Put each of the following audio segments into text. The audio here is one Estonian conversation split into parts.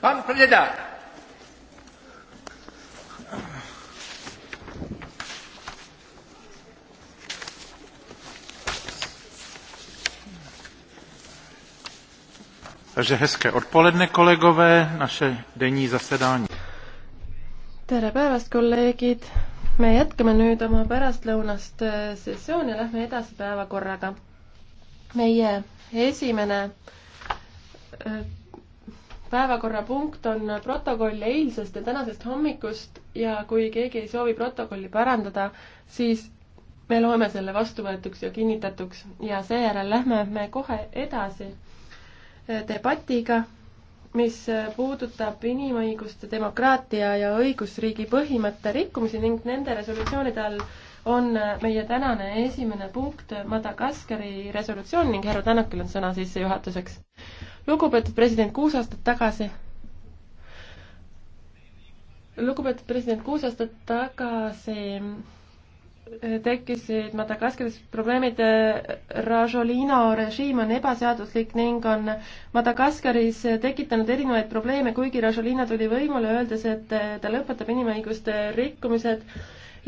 Pan Preda. Takže hezké odpoledne, kolegové, naše denní zasedání. tere päevast, kolleegid! me jätkame nüüd oma pärastlõunast eh, sessiooni, lähme edasi päevakorraga. meie esimene eh, päevakorrapunkt on protokoll eilsest ja tänasest hommikust ja kui keegi ei soovi protokolli parandada, siis me loeme selle vastuvõetuks ja kinnitatuks ja seejärel lähme me kohe edasi eh, debatiga, mis eh, puudutab inimõiguste, demokraatia ja õigusriigi põhimõtte rikkumisi ning nende resolutsioonide all on eh, meie tänane esimene punkt Madagaskari resolutsioon ning härra Tänakil on sõna sissejuhatuseks lugupeetud president, kuus aastat tagasi lugupeetud president, kuus aastat tagasi eh, tekkisid Madagaskaris probleemid, eh, Rajolino režiim on ebaseaduslik ning on Madagaskaris tekitanud erinevaid probleeme, kuigi Rajolino tuli võimule, öeldes, et eh, ta lõpetab inimõiguste rikkumised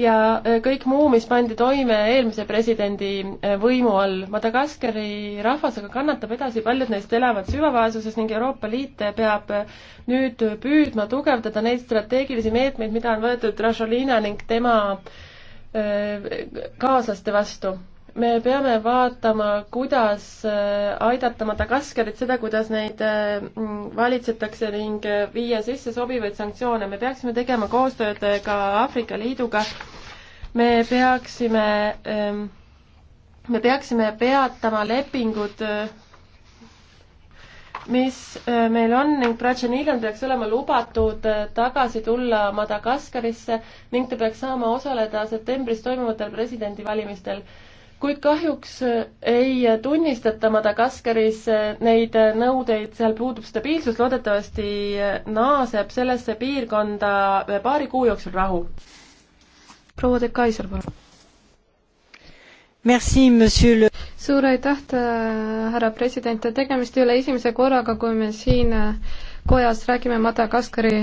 ja äh, kõik muu, mis pandi toime eelmise presidendi äh, võimu all. Madagaskari rahvas aga kannatab edasi, paljud neist elavad süvavaesuses ning Euroopa Liit peab äh, nüüd püüdma tugevdada neid strateegilisi meetmeid, mida on võetud Rajolina ning tema kaaslaste vastu me peame vaatama, kuidas äh, aidata Madagaskarit, seda, kuidas neid äh, valitsetakse ning äh, viia sisse sobivaid sanktsioone. me peaksime tegema koostööd ka Aafrika Liiduga. me peaksime, ähm, me peaksime peatama lepingud, mis meil on ning Bratšenilil peaks olema lubatud tagasi tulla Madagaskarisse ning ta peaks saama osaleda septembris toimuvatel presidendivalimistel kuid kahjuks äh, ei tunnistata Madagaskaris äh, neid äh, nõudeid, seal puudub stabiilsus, loodetavasti naaseb sellesse piirkonda paari kuu jooksul rahu. proua de Kaiser, palun. Merci, monsieur le... suur aitäh, härra president, tegemist ei ole esimese korraga, kui me siin kojas räägime Madagaskari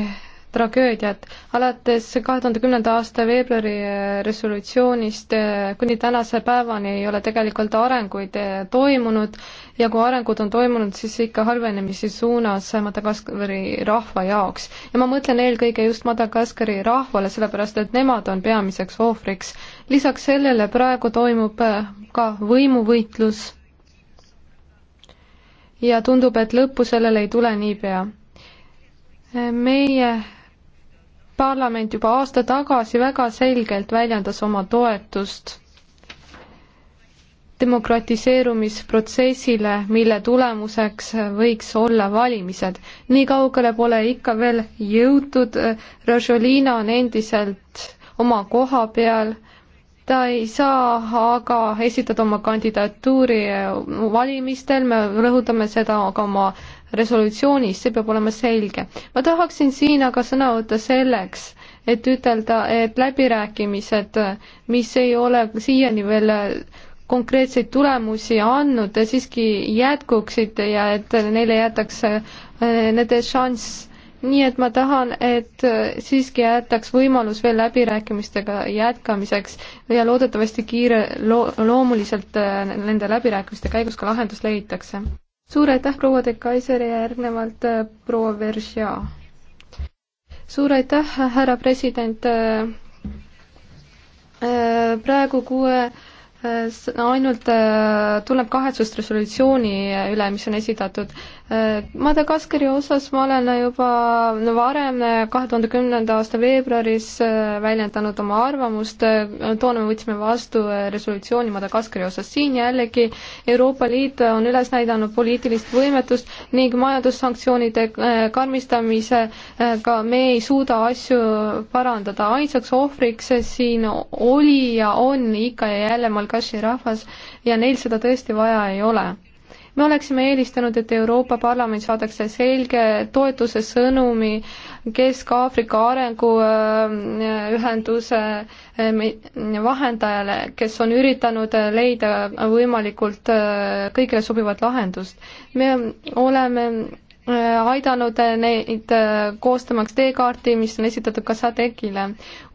tragöödiat. alates kahe tuhande kümnenda aasta veebruari eh, resolutsioonist eh, kuni tänase päevani ei ole tegelikult arenguid eh, toimunud ja kui arengud on toimunud, siis ikka halvenemise suunas Madagaskari rahva jaoks. ja ma mõtlen eelkõige just Madagaskari rahvale, sellepärast et nemad on peamiseks ohvriks. lisaks sellele praegu toimub ka võimuvõitlus ja tundub, et lõppu sellele ei tule niipea meie parlament juba aasta tagasi väga selgelt väljendas oma toetust demokratiseerumisprotsessile, mille tulemuseks võiks olla valimised. nii kaugele pole ikka veel jõutud, Rojolina on endiselt oma koha peal, ta ei saa aga esitada oma kandidatuuri valimistel, me rõhutame seda ka oma resolutsioonis, see peab olema selge. ma tahaksin siin aga sõna võtta selleks, et ütelda, et läbirääkimised, mis ei ole siiani veel konkreetseid tulemusi andnud, siiski jätkuksid ja et neile jäetakse eh, nende šanss. nii et ma tahan, et siiski jäetaks võimalus veel läbirääkimistega jätkamiseks ja loodetavasti kiire lo-, loomuliselt eh, nende läbirääkimiste käigus ka lahendus leitakse suur aitäh, proua de Kaiser ja järgnevalt äh, proua Veržia. suur aitäh, härra president. Äh, äh, praegu kuue ainult äh, tunneb kahetsust resolutsiooni äh, üle, mis on esitatud. Äh, Madagaskari osas ma olen juba varem, kahe tuhande kümnenda aasta veebruaris väljendanud oma arvamust, toona me võtsime vastu resolutsiooni Madagaskari osas, siin jällegi Euroopa Liit on üles näidanud poliitilist võimetust ning majandussanktsioonide karmistamisega me ei suuda asju parandada, ainsaks ohvriks siin oli ja on ikka ja jälle mal-, Al-Kashi rahvas ja neil seda tõesti vaja ei ole me oleksime eelistanud, et Euroopa Parlament saadakse selge toetuse sõnumi Kesk-Aafrika Arenguühenduse äh, äh, vahendajale, kes on üritanud äh, leida võimalikult kõigile sobivat lahendust. me oleme Äh, aidanud äh, neid äh, koostamaks teekaarti, mis on esitatud ka SADEC-ile.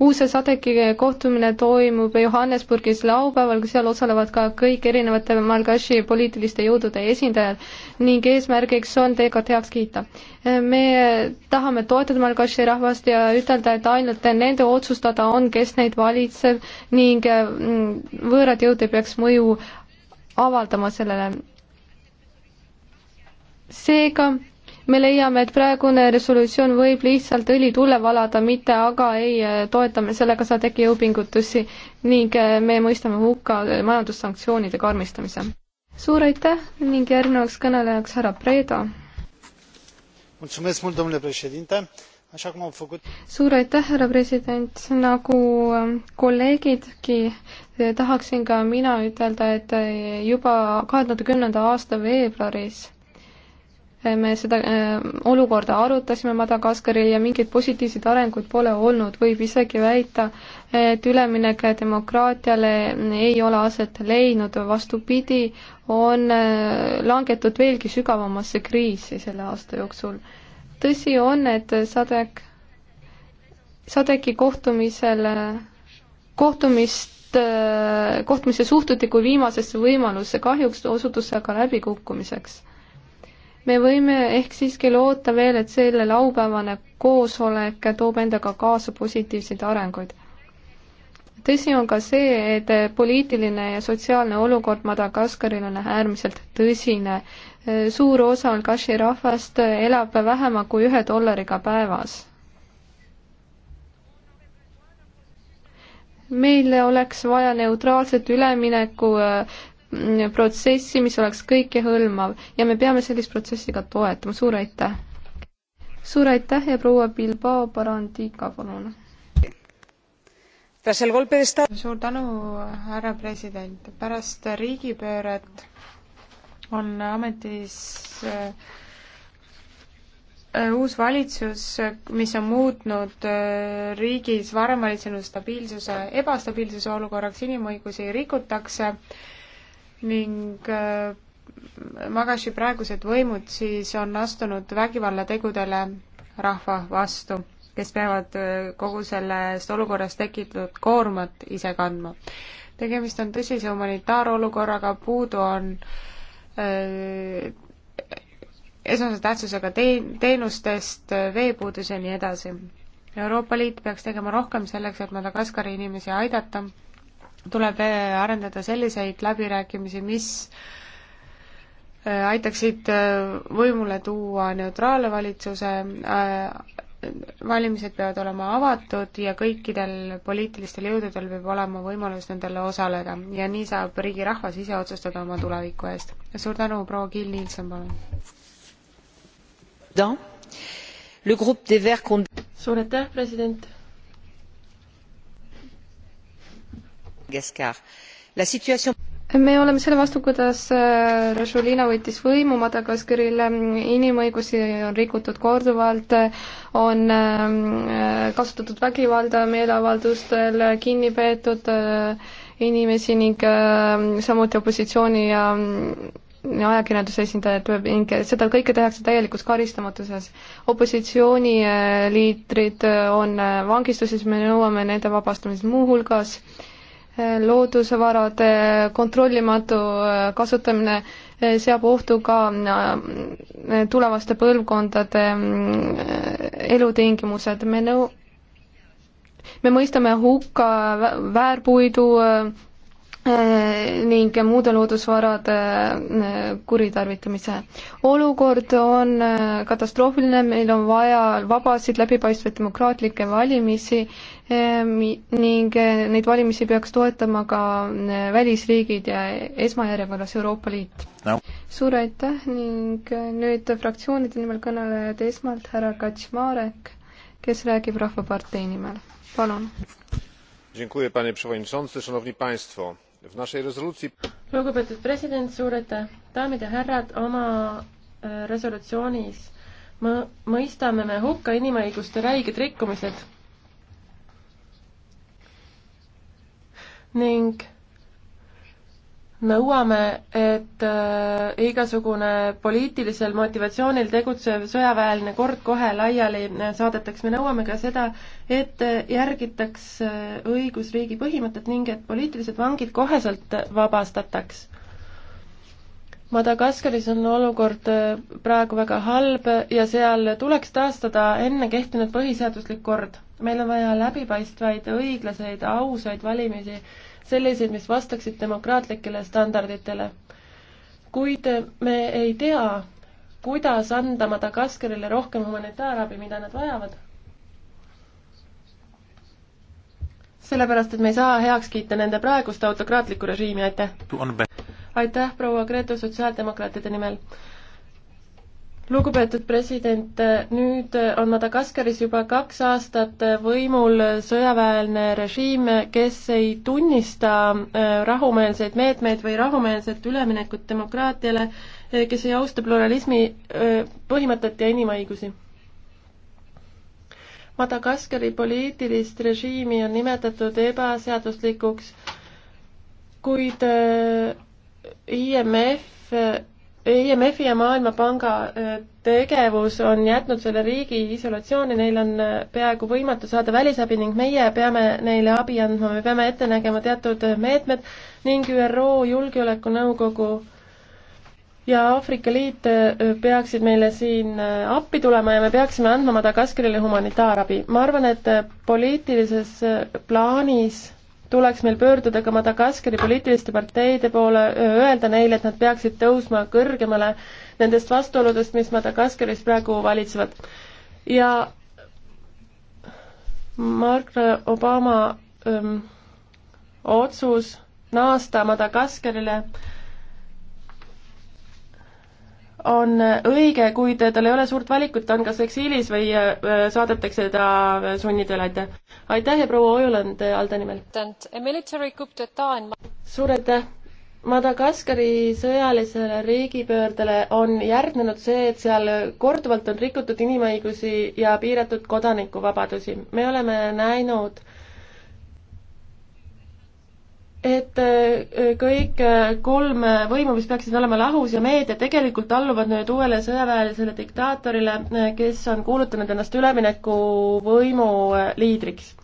uus SADEC-i kohtumine toimub Johannesburgis laupäeval, kus seal osalevad ka kõik erinevate Malgaši poliitiliste jõudude esindajad ning eesmärgiks on teekaart heaks kiita. me tahame toetada Malgaši rahvast ja ütelda, et ainult nende otsustada on, kes neid valitseb ning mm, võõrad jõud ei peaks mõju avaldama sellele. seega me leiame, et praegune resolutsioon võib lihtsalt õli tulle valada, mitte aga ei äh, toetame sellega SADC-i jõupingutusi ning äh, me mõistame hukka äh, majandussanktsioonide karmistamise. suur aitäh ning järgnevaks kõnelejaks härra Preda. suur aitäh, härra president, nagu ähm, kolleegidki tahaksin ka mina ütelda, et juba kahe tuhande kümnenda aasta veebruaris me seda äh, olukorda arutasime Madagaskaril ja mingeid positiivseid arenguid pole olnud, võib isegi väita, et üleminek demokraatiale ei ole aset leidnud, vastupidi, on äh, langetud veelgi sügavamasse kriisi selle aasta jooksul. tõsi on, et Sadek, Sadeki kohtumisel, kohtumist äh, kohtumisse suhtuti kui viimasesse võimalusse, kahjuks osutus see aga läbikukkumiseks me võime ehk siiski loota veel, et selle laupäevane koosolek toob endaga kaasa positiivseid arenguid. tõsi on ka see, et poliitiline ja sotsiaalne olukord Madagaskaril on äärmiselt tõsine. suur osa Al-Kashi rahvast elab vähema kui ühe dollariga päevas. meil oleks vaja neutraalset ülemineku protsessi, mis oleks kõikehõlmav ja me peame sellist protsessi ka toetama, suur aitäh! suur aitäh ja proua Bilbao Barandiga, palun! suur tänu, härra president, pärast riigipööret on ametis äh, äh uus valitsus, mis on muutnud äh, riigis varem valitsenud stabiilsuse ebastabiilsuse olukorraks, inimõigusi rikutakse ning äh, Magashi praegused võimud siis on astunud vägivallategudele rahva vastu, kes peavad äh, kogu sellest olukorrast tekitatud koormat ise kandma. tegemist on tõsise humanitaarolukorraga, puudu on öö, äh, esmase tähtsusega tee-, teenustest, veepuudus ja nii edasi. Euroopa Liit peaks tegema rohkem selleks, et Madagaskari inimesi aidata tuleb eh, arendada selliseid läbirääkimisi, mis eh, aitaksid eh, võimule tuua neutraalne valitsuse, valimised peavad olema avatud ja kõikidel poliitilistel jõududel peab olema võimalus nendele osaleda ja nii saab riigi rahvas ise otsustada oma tuleviku eest. suur tänu, proua Kiil Nielsen, palun! suur aitäh, president! madagascar. la situation me oleme selle vastu, kuidas äh, Rajoelina võttis võimu Madagaskaril, inimõigusi on rikutud korduvalt, on äh, kasutatud vägivalda meeleavaldustel, kinni peetud äh, inimesi ning samuti opositsiooni ja ajakirjanduse esindajad ning seda kõike tehakse täielikus karistamatuses. opositsiooniliidrid on vangistuses, me nõuame nende vabastamist muuhulgas äh, loodusvarade kontrollimatu äh, kasutamine äh, seab ohtu ka äh, tulevaste põlvkondade elutingimused. me nõu-, me mõistame hukka väärpuidu ning muude loodusvarade kuritarvitamise. olukord on katastroofiline, meil on vaja vabasid, läbipaistvaid, demokraatlikke valimisi Ehm, ning eh, neid valimisi peaks toetama ka eh, välisriigid ja esmajärjekorras Euroopa Liit no.. suur aitäh ning eh, nüüd fraktsioonide nimel kõnelejad esmalt härra Kaczmarek, kes räägib Rahvapartei nimel, palun. lugupeetud president, suur aitäh, daamid ja härrad, oma resolutsioonis mõistame me hukka inimõiguste räiged rikkumised ning nõuame, et äh, igasugune poliitilisel motivatsioonil tegutsev sõjaväeline kord kohe laiali äh, saadetaks. me nõuame ka seda, et äh, järgitaks õigusriigi põhimõtet ning et poliitilised vangid koheselt vabastataks Madagaskaris on olukord praegu väga halb ja seal tuleks taastada enne kehtinud põhiseaduslik kord meil on vaja läbipaistvaid, õiglaseid, ausaid valimisi, selliseid, mis vastaksid demokraatlikele standarditele. kuid me ei tea, kuidas anda Madagaskarile rohkem humanitaarabi, mida nad vajavad. sellepärast, et me ei saa heaks kiita nende praegust autokraatlikku režiimi, aitäh! aitäh, proua Gretu sotsiaaldemokraatide nimel! lugupeetud president, nüüd on Madagaskaris juba kaks aastat võimul sõjaväeline režiim, kes ei tunnista äh, rahumeelseid meetmeid või rahumeelset üleminekut demokraatiale, äh, kes ei austa pluralismi äh, põhimõtet ja inimõigusi. Madagaskari poliitilist režiimi on nimetatud ebaseaduslikuks, kuid IMF IMF-i ja Maailmapanga äh, tegevus on jätnud selle riigi isolatsiooni, neil on äh, peaaegu võimatu saada välisabi ning meie peame neile abi andma, me peame ette nägema teatud äh, meetmed ning ÜRO Julgeolekunõukogu ja Aafrika Liit peaksid meile siin appi tulema ja me peaksime andma Madagaskarile humanitaarabi. ma arvan, et poliitilises plaanis tuleks meil pöörduda ka Madagaskari poliitiliste parteide poole, öelda neile, et nad peaksid tõusma kõrgemale nendest vastuoludest, mis Madagaskaris praegu valitsevad. ja Mark Obama öö, ähm, otsus naasta Madagaskarile on õige, kuid tal ei ole suurt valikut, ta on kas eksiilis või äh, saadetakse ta äh, sunnidele, aitäh. aitäh ja proua Ojuland äh, Alde nimel. suur aitäh. Madagaskari sõjalisele riigipöördele on järgnenud see, et seal korduvalt on rikutud inimõigusi ja piiratud kodanikuvabadusi. me oleme näinud äh, et äh, kõik äh, kolm võimu, mis peaksid olema lahus ja meedia, tegelikult alluvad nüüd uuele sõjaväelisele diktaatorile, äh, kes on kuulutanud ennast üleminekuvõimu liidriks.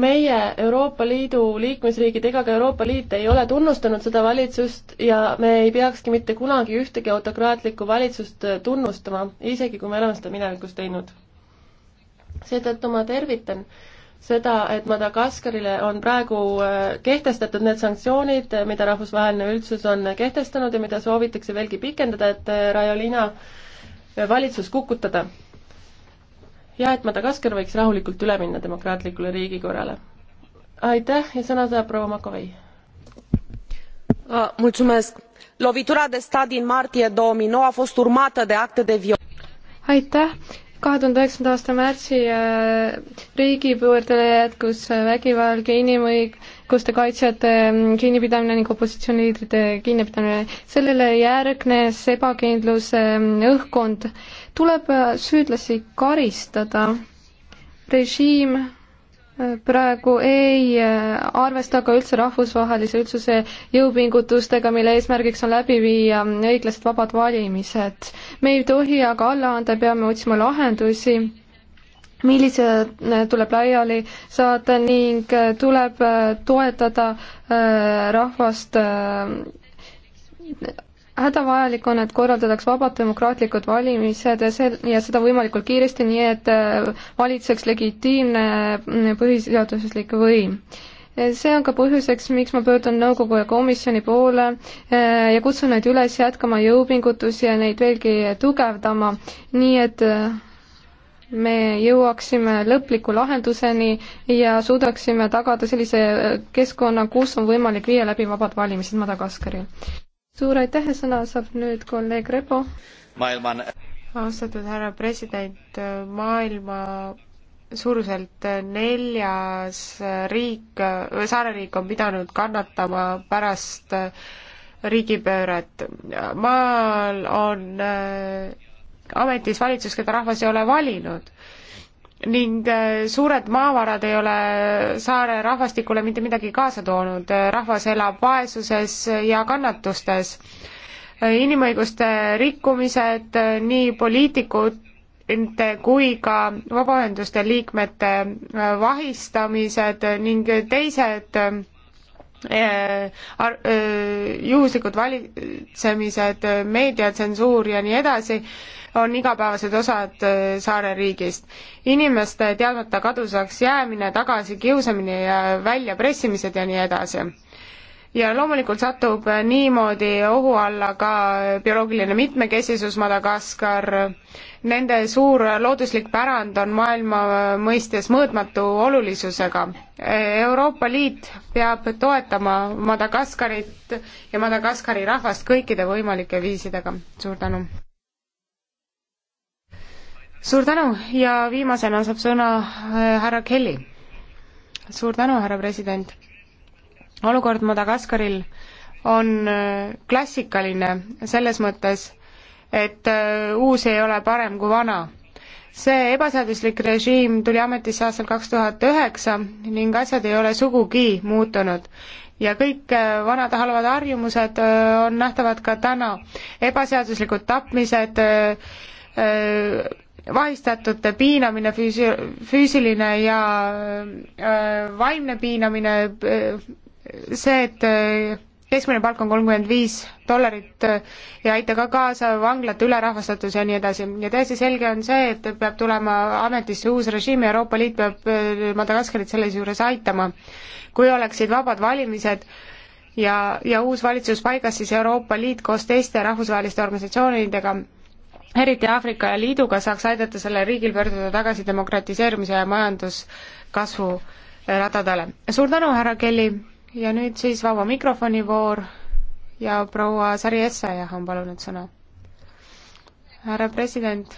meie Euroopa Liidu liikmesriigid ega ka Euroopa Liit ei ole tunnustanud seda valitsust ja me ei peakski mitte kunagi ühtegi autokraatlikku valitsust tunnustama, isegi kui me oleme seda minevikus teinud. seetõttu ma tervitan äh, seda, et Madagaskarile on praegu äh, kehtestatud need sanktsioonid, mida rahvusvaheline üldsus on kehtestanud ja mida soovitakse veelgi pikendada, et äh, Rajolina äh, valitsus kukutada. ja et Madagaskar võiks rahulikult üle minna demokraatlikule riigikorrale. aitäh ja sõna saab proua Makovei. lovitura de stat din martie 2009 a fost urmată de acte de viol- aitäh, kahe tuhande üheksanda aasta märtsi äh, riigipöördele jätkus äh, vägivald ja inimõiguste kaitsjate mm, kinnipidamine ning opositsiooniliidrite kinnipidamine. sellele järgnes ebakindluse ähm, õhkkond. tuleb äh, süüdlasi karistada. režiim praegu ei äh, arvesta ka üldse rahvusvahelise üldsuse jõupingutustega, mille eesmärgiks on läbi viia õiglased vabad valimised. me ei tohi aga alla anda, peame otsima lahendusi, millised äh, tuleb laiali saada ning äh, tuleb toetada rahvast hädavajalik on, et korraldataks vabad demokraatlikud valimised ja see, ja seda võimalikult kiiresti, nii et äh, valitseks legitiimne mm, põhiseaduslik võim. see on ka põhjuseks, miks ma pöördun nõukogu ja komisjoni poole äh, ja kutsun neid üles jätkama jõupingutusi ja neid veelgi tugevdama, nii et äh, me jõuaksime lõpliku lahenduseni ja suudaksime tagada sellise keskkonna, kus on võimalik viia läbi vabad valimised Madagaskaril suur aitäh ja sõna saab nüüd kolleeg Rebo. maailman. austatud härra president, maailma suuruselt neljas riik, saareriik on pidanud kannatama pärast riigipööret. maal on äh, ametis valitsus, keda rahvas ei ole valinud ning äh, suured maavarad ei ole saare rahvastikule mitte midagi kaasa toonud, rahvas elab vaesuses ja kannatustes. Äh, inimõiguste rikkumised äh, nii poliitikute kui ka vabaühenduste liikmete vahistamised ning teised Eh, eh, juhuslikud valitsemised, meediatsensuur ja nii edasi, on igapäevased osad eh, saare riigist. inimeste teadmata kadusaks jäämine, tagasikiusamine ja väljapressimised ja nii edasi ja loomulikult satub niimoodi ohu alla ka bioloogiline mitmekesisus, Madagaskar, nende suur looduslik pärand on maailma mõistes mõõtmatu olulisusega. Euroopa Liit peab toetama Madagaskarit ja Madagaskari rahvast kõikide võimalike viisidega, suur tänu! suur tänu ja viimasena saab sõna äh, härra Kelly. suur tänu, härra president! olukord Madagaskaril on äh, klassikaline selles mõttes, et äh, uus ei ole parem kui vana. see ebaseaduslik režiim tuli ametisse aastal kaks tuhat üheksa ning asjad ei ole sugugi muutunud ja kõik äh, vanad halvad harjumused on nähtavad ka täna. ebaseaduslikud tapmised, vahistatute piinamine, füüsi-, füüsiline ja vaimne piinamine, see, et äh, keskmine palk on kolmkümmend viis dollarit ja äh, aita ka kaasa vanglate ülerahvastatus ja nii edasi. ja täiesti selge on see, et peab tulema ametisse uus režiim ja Euroopa Liit peab äh, Madagaskarit selles juures aitama. kui oleksid vabad valimised ja, ja uus valitsus paigas, siis Euroopa Liit koos teiste rahvusvaheliste organisatsioonidega eriti Aafrika Liiduga saaks aidata sellel riigil pöörduda tagasi demokratiseerumise ja majanduskasvu radadele. suur tänu, härra Kelly! ja nüüd siis vaba mikrofoni voor ja proua Sari Essaja on palunud sõna. härra president,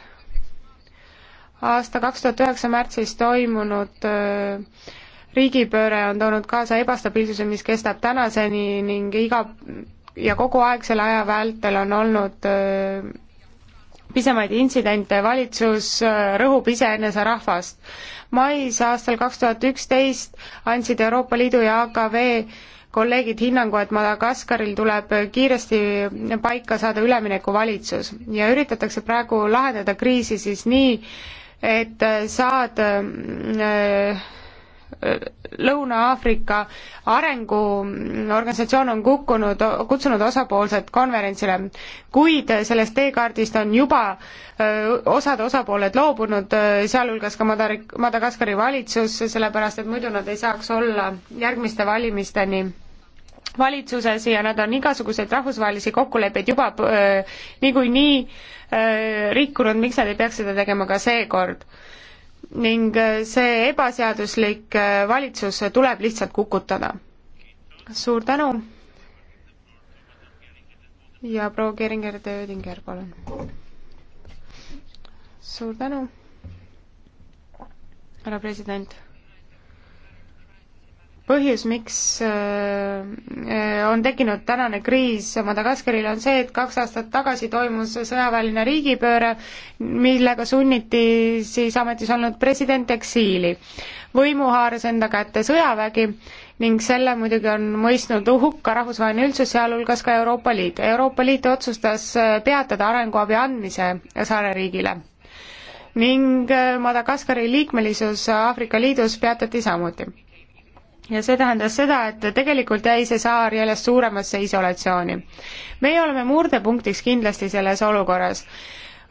aasta kaks tuhat üheksa märtsis toimunud öö, äh, riigipööre on toonud kaasa ebastabiilsuse, mis kestab tänaseni ning iga ja kogu aeg selle aja vältel on olnud öö, äh, pisemaid intsidente, valitsus äh, rõhub iseenese rahvast. mais aastal kaks tuhat üksteist andsid Euroopa Liidu ja AKV kolleegid hinnangu, et Madagaskaril tuleb kiiresti paika saada üleminekuvalitsus ja üritatakse praegu lahendada kriisi siis nii, et saad äh, Lõuna-Aafrika Arenguorganisatsioon on kukkunud, kutsunud osapoolsed konverentsile, kuid sellest teekaardist on juba osad osapooled loobunud, sealhulgas ka Madari-, Madagaskari valitsus, sellepärast et muidu nad ei saaks olla järgmiste valimisteni valitsuses ja nad on igasuguseid rahvusvahelisi kokkuleppeid juba niikuinii nii, rikkunud, miks nad ei peaks seda tegema ka seekord? ning äh, see ebaseaduslik äh, valitsus tuleb lihtsalt kukutada. suur tänu ja proua Keringer de Oedinger, palun. suur tänu, härra president põhjus, miks äh, äh, on tekkinud tänane kriis Madagaskaril, on see, et kaks aastat tagasi toimus sõjaväeline riigipööre, millega sunniti siis ametis olnud president eksiili. võimu haaras enda kätte sõjavägi ning selle muidugi on mõistnud hukka rahvusvaheline üldsus, sealhulgas ka Euroopa Liit. Euroopa Liit otsustas äh, peatada arenguabi andmise saareriigile ning Madagaskari liikmelisus Aafrika Liidus peatati samuti ja see tähendas seda, et tegelikult jäi see saar järjest suuremasse isolatsiooni. meie oleme murdepunktiks kindlasti selles olukorras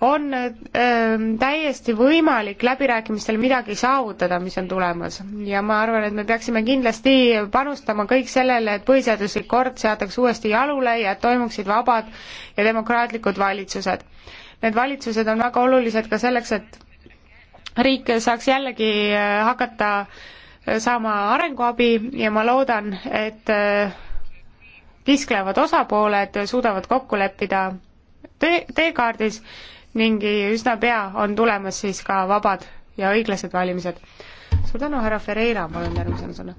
on öö, ähm, täiesti võimalik läbirääkimistel midagi saavutada, mis on tulemas. ja ma arvan, et me peaksime kindlasti panustama kõik sellele, et põhiseaduslik kord seatakse uuesti jalule ja et toimuksid vabad ja demokraatlikud valitsused. Need valitsused on väga olulised ka selleks, et riik saaks jällegi äh, hakata öö, saama arenguabi ja ma loodan, et äh, kisklevad osapooled suudavad kokku leppida tee, teekaardis ning üsna pea on tulemas siis ka vabad ja õiglased valimised. suur tänu, härra Ferreira, palun järgmisena sõna.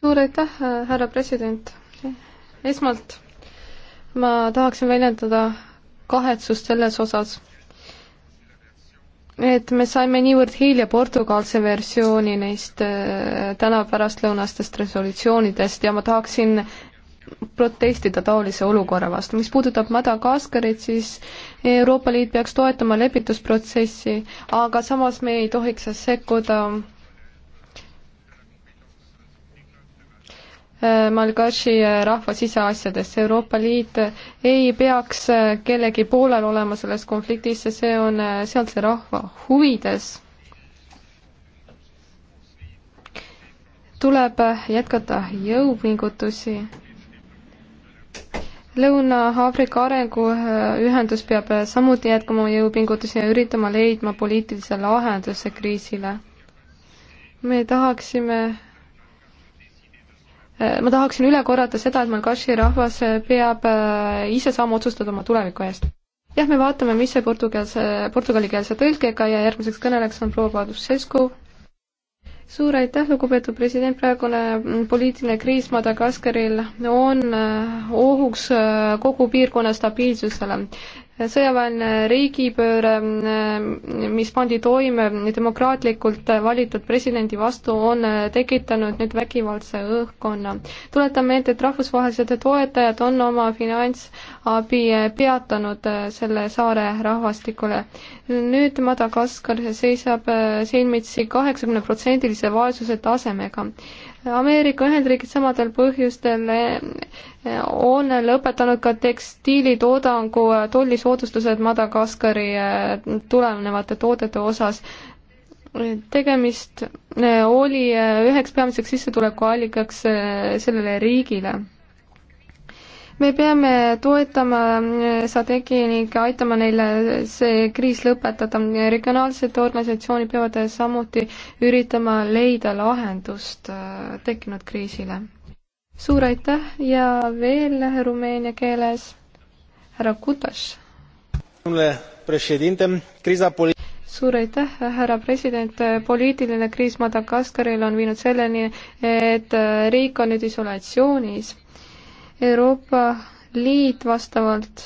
suur aitäh, härra president. esmalt ma tahaksin väljendada kahetsust selles osas et me saime niivõrd hilja portugaalse versiooni neist äh, täna pärastlõunastest resolutsioonidest ja ma tahaksin protestida taolise olukorra vastu. mis puudutab Madagaskarit, siis Euroopa Liit peaks toetama lepitusprotsessi, aga samas me ei tohiks sekkuda Äh, Malgaši äh, rahva siseasjadesse. Euroopa Liit ei peaks äh, kellegi poolel olema selles konfliktis ja see on sealse rahva huvides. tuleb jätkata jõupingutusi. Lõuna-Aafrika Arenguühendus peab samuti jätkama jõupingutusi ja üritama leidma poliitilise lahenduse kriisile. me tahaksime Äh, ma tahaksin üle korrata seda, et Malgaši rahvas äh, peab äh, ise saama otsustada oma tuleviku eest. jah, me vaatame, mis see portugalse, portugalikeelse tõlkega ja järgmiseks kõneleks on proua Padusescu. suur aitäh, lugupeetud president, praegune mm, poliitiline kriis Madagaskaril on ohuks kogu piirkonna stabiilsusele sõjaväeline riigipööre, mis pandi toime demokraatlikult valitud presidendi vastu, on tekitanud nüüd vägivaldse õhkkonna. tuletan meelde, et rahvusvahelised toetajad on oma finantsabi peatanud selle saare rahvastikule. nüüd Madagaskar seisab silmitsi kaheksakümneprotsendilise vaesuse tasemega Ameerika Ühendriigid samadel põhjustel eh, on lõpetanud ka tekstiilitoodangu eh, tollisoodustused Madagaskari eh, tulenevate toodete osas. tegemist oli üheks peamiseks sissetulekuallikaks sellele riigile me peame toetama eh, Sadegi ning aitama neile see kriis lõpetada. regionaalsed organisatsioonid peavad samuti üritama leida lahendust eh, tekkinud kriisile. suur aitäh ja veel rumeenia keeles härra Kutas. suur aitäh, härra president, poliitiline kriis Madagaskaril on viinud selleni, et riik on nüüd isolatsioonis Euroopa Liit vastavalt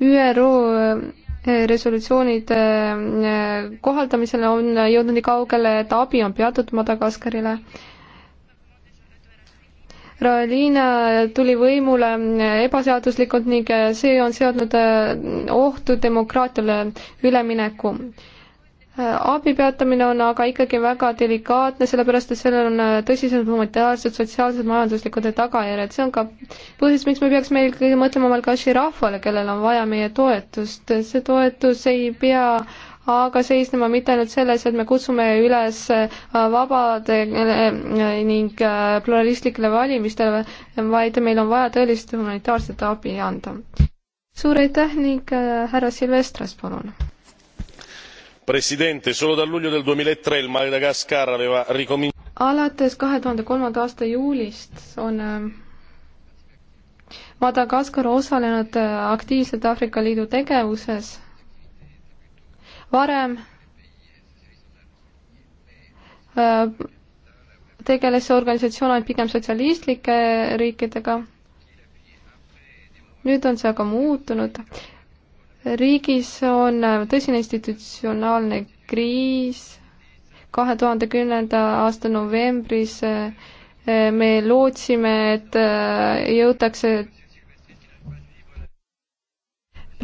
ÜRO äh, resolutsioonide äh, kohaldamisele on jõudnud nii kaugele, et abi on peatatud Madagaskarile. Raelina tuli võimule äh, ebaseaduslikult ning see on seadnud ohtu demokraatiale ülemineku. Äh, abi peatamine on aga ikkagi väga delikaatne, sellepärast et sellel on äh, tõsised humanitaarsed, sotsiaalsed, majanduslikud tagajärjed. see on ka põhjus, miks me peaks eelkõige mõtlema Malgaši rahvale, kellel on vaja meie toetust. see toetus ei pea aga seisnema mitte ainult selles, et me kutsume üles äh, vabade ning pluralistlikele valimistele, vaid meil on vaja tõelist humanitaarset abi anda. suur aitäh ning härra Silvestras, palun! presidente solo dal luglio del 2003 e il madagascar aveva ricominciato alates kahe tuhande kolmanda aasta juulist on äh, Madagaskar osalenud äh, aktiivselt Aafrika Liidu tegevuses. varem äh, tegeles see organisatsioon ainult pigem sotsialistlike riikidega. nüüd on see aga muutunud riigis on tõsine institutsionaalne kriis, kahe tuhande kümnenda aasta novembris eh, me lootsime, et eh, jõutakse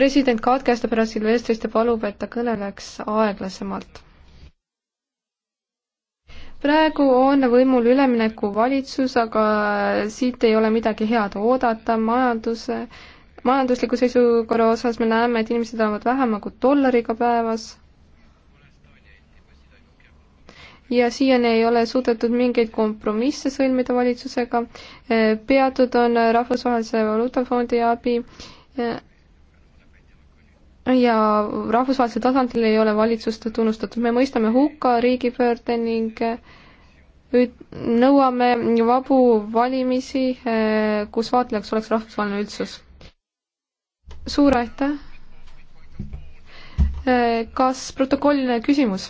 president katkestab härra Silvestrist ja palub, et ta kõneleks aeglasemalt. praegu on võimul üleminekuvalitsus, aga eh, siit ei ole midagi head oodata, majanduse äh, majandusliku seisukorra osas me näeme, et inimesed elavad vähema kui dollariga päevas. ja siiani ei ole suudetud mingeid kompromisse sõlmida valitsusega. E, peatud on Rahvusvahelise Valuutafondi abi. E, ja rahvusvahelisel tasandil ei ole valitsust tunnustatud. me mõistame hukka riigipöörde ning e, nõuame vabu valimisi, kus vaatlejaks oleks rahvusvaheline üldsus suur aitäh. kas protokolliline küsimus?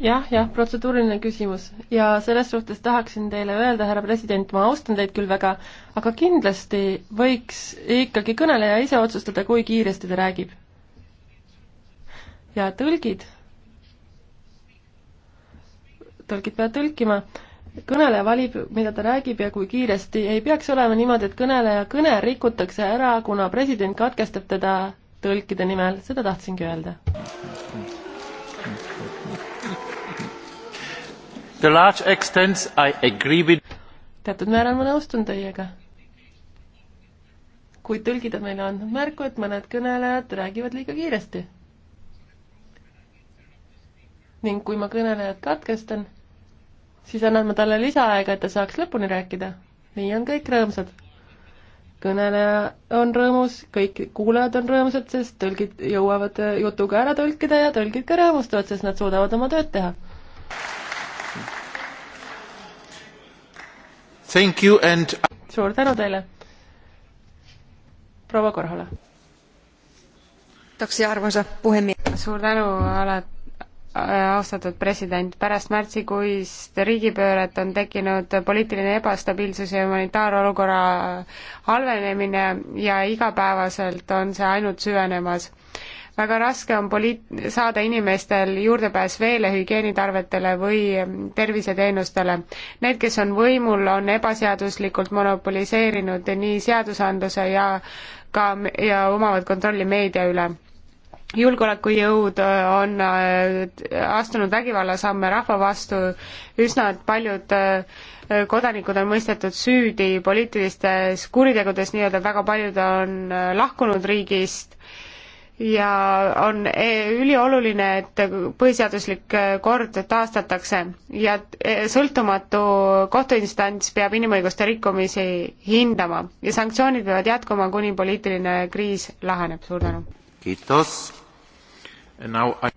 jah, jah, protseduuriline küsimus ja selles suhtes tahaksin teile öelda, härra president, ma austan teid küll väga, aga kindlasti võiks ikkagi kõneleja ise otsustada, kui kiiresti ta räägib. ja tõlgid, tõlgid peavad tõlkima kõneleja valib, mida ta räägib ja kui kiiresti, ei peaks olema niimoodi, et kõneleja kõne rikutakse ära, kuna president katkestab teda tõlkide nimel, seda tahtsingi öelda. The large extent I agree with teatud määral ma nõustun teiega. kuid tõlgid on meile andnud märku, et mõned kõnelejad räägivad liiga kiiresti. ning kui ma kõnelejad katkestan siis annan ma talle lisaaega, et ta saaks lõpuni rääkida. nii on kõik rõõmsad. kõneleja on rõõmus, kõik kuulajad on rõõmsad, sest tõlgid jõuavad äh, jutuga ära tõlkida ja tõlgid ka rõõmustavad, sest nad suudavad oma tööd teha. Thank you and suur tänu teile. proua Korhola. arvoisa puhemies. suur tänu, Alar austatud president, pärast märtsikuist riigipööret on tekkinud poliitiline ebastabiilsus ja humanitaarolukorra halvenemine ja igapäevaselt on see ainult süvenemas. väga raske on poliit-, saada inimestel juurdepääs veele, hügieenitarvetele või terviseteenustele. Need, kes on võimul, on ebaseaduslikult monopoliseerinud nii seadusandluse ja ka, ja omavad kontrolli meedia üle julgeolekujõud äh, on äh, astunud vägivallasamme rahva vastu, üsna paljud äh, kodanikud on mõistetud süüdi poliitilistes kuritegudes, nii-öelda väga paljud on lahkunud riigist ja on ülioluline, et põhiseaduslik kord taastatakse ja sõltumatu kohtuinstants peab inimõiguste rikkumisi hindama ja sanktsioonid peavad jätkuma, kuni poliitiline kriis laheneb, suur tänu! I...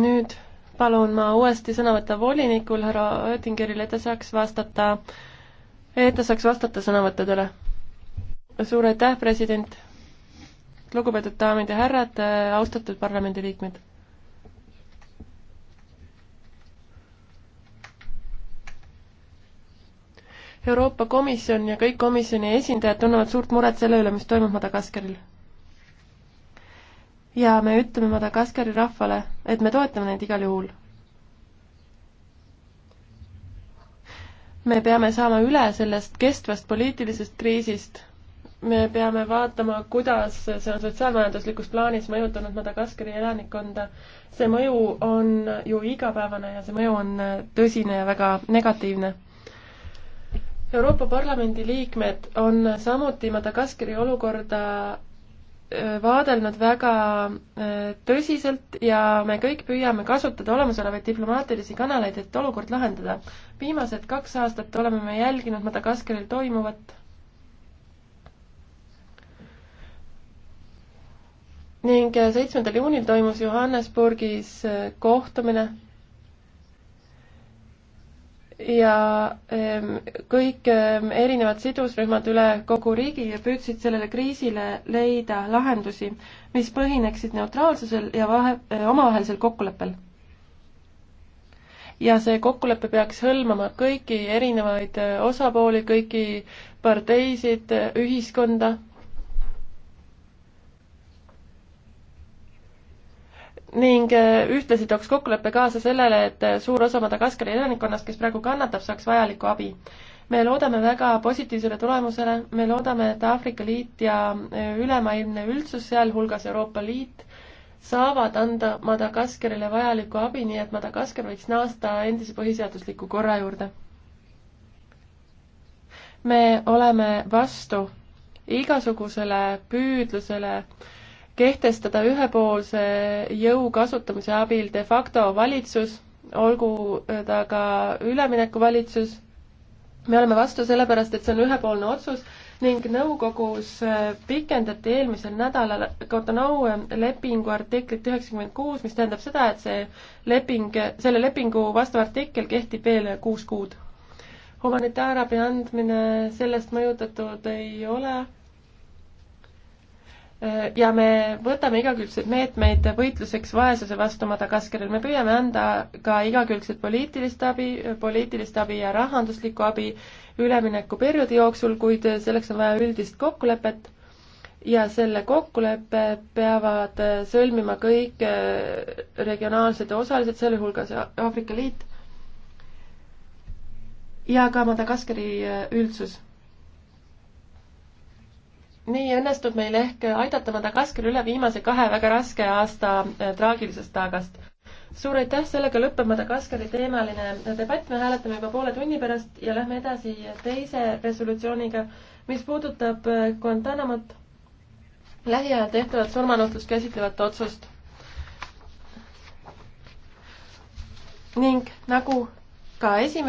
nüüd palun ma uuesti sõna võtta volinikul härra Oettingerile, et ta saaks vastata, et ta saaks vastata sõnavõttudele. suur aitäh, president! lugupeetud daamid ja härrad, austatud parlamendiliikmed! Euroopa Komisjon ja kõik komisjoni esindajad tunnevad suurt muret selle üle, mis toimub Madagaskaril ja me ütleme Madagaskari rahvale, et me toetame neid igal juhul. me peame saama üle sellest kestvast poliitilisest kriisist me peame vaatama, kuidas see on sotsiaalmajanduslikus plaanis mõjutanud Madagaskari elanikkonda. see mõju on ju igapäevane ja see mõju on tõsine ja väga negatiivne. Euroopa Parlamendi liikmed on samuti Madagaskari olukorda vaadelnud väga tõsiselt ja me kõik püüame kasutada olemasolevaid diplomaatilisi kanaleid, et olukord lahendada. viimased kaks aastat oleme me jälginud Madagaskaril toimuvat ning seitsmendal juunil toimus Johannesburgis kohtumine ja ehm, kõik ehm, erinevad sidusrühmad üle kogu riigi püüdsid sellele kriisile leida lahendusi, mis põhineksid neutraalsusel ja vahe, eh, omavahelisel kokkuleppel. ja see kokkulepe peaks hõlmama kõiki erinevaid eh, osapooli, kõiki parteisid, eh, ühiskonda ning äh, ühtlasi tooks kokkulepe kaasa sellele, et äh, suur osa Madagaskari elanikkonnast, kes praegu kannatab, saaks vajalikku abi. me loodame väga positiivsele tulemusele, me loodame, et Aafrika Liit ja äh, ülemaailmne üldsus, sealhulgas Euroopa Liit, saavad anda Madagaskarile vajalikku abi, nii et Madagaskar võiks naasta endise põhiseadusliku korra juurde. me oleme vastu igasugusele püüdlusele äh, kehtestada ühepoolse jõu kasutamise abil de facto valitsus, olgu ta ka üleminekuvalitsus, me oleme vastu sellepärast, et see on ühepoolne otsus ning nõukogus äh, pikendati eelmisel nädalal Cotonou äh, lepingu artiklit üheksakümmend kuus, mis tähendab seda, et see leping, selle lepingu vastav artikkel kehtib veel kuus kuud. humanitaarabi andmine sellest mõjutatud ei ole ja me võtame igakülgseid meetmeid võitluseks vaesuse vastu Madagaskaril. me püüame anda ka igakülgset poliitilist abi, poliitilist abi ja rahanduslikku abi üleminekuperioodi jooksul, kuid selleks on vaja üldist kokkulepet ja selle kokkuleppe peavad sõlmima kõik äh, regionaalsed osalised, sealhulgas Aafrika Liit ja ka Madagaskari äh, üldsus nii õnnestub meil ehk aidata Madagaskar üle viimase kahe väga raske aasta äh, traagilisest taagast. suur aitäh, sellega lõpeb Madagaskari teemaline debatt, me hääletame juba poole tunni pärast ja lähme edasi teise resolutsiooniga, mis puudutab äh, Guantanamot lähiajal tehtavat surmanuhtlust käsitlevat otsust. ning nagu ka esimese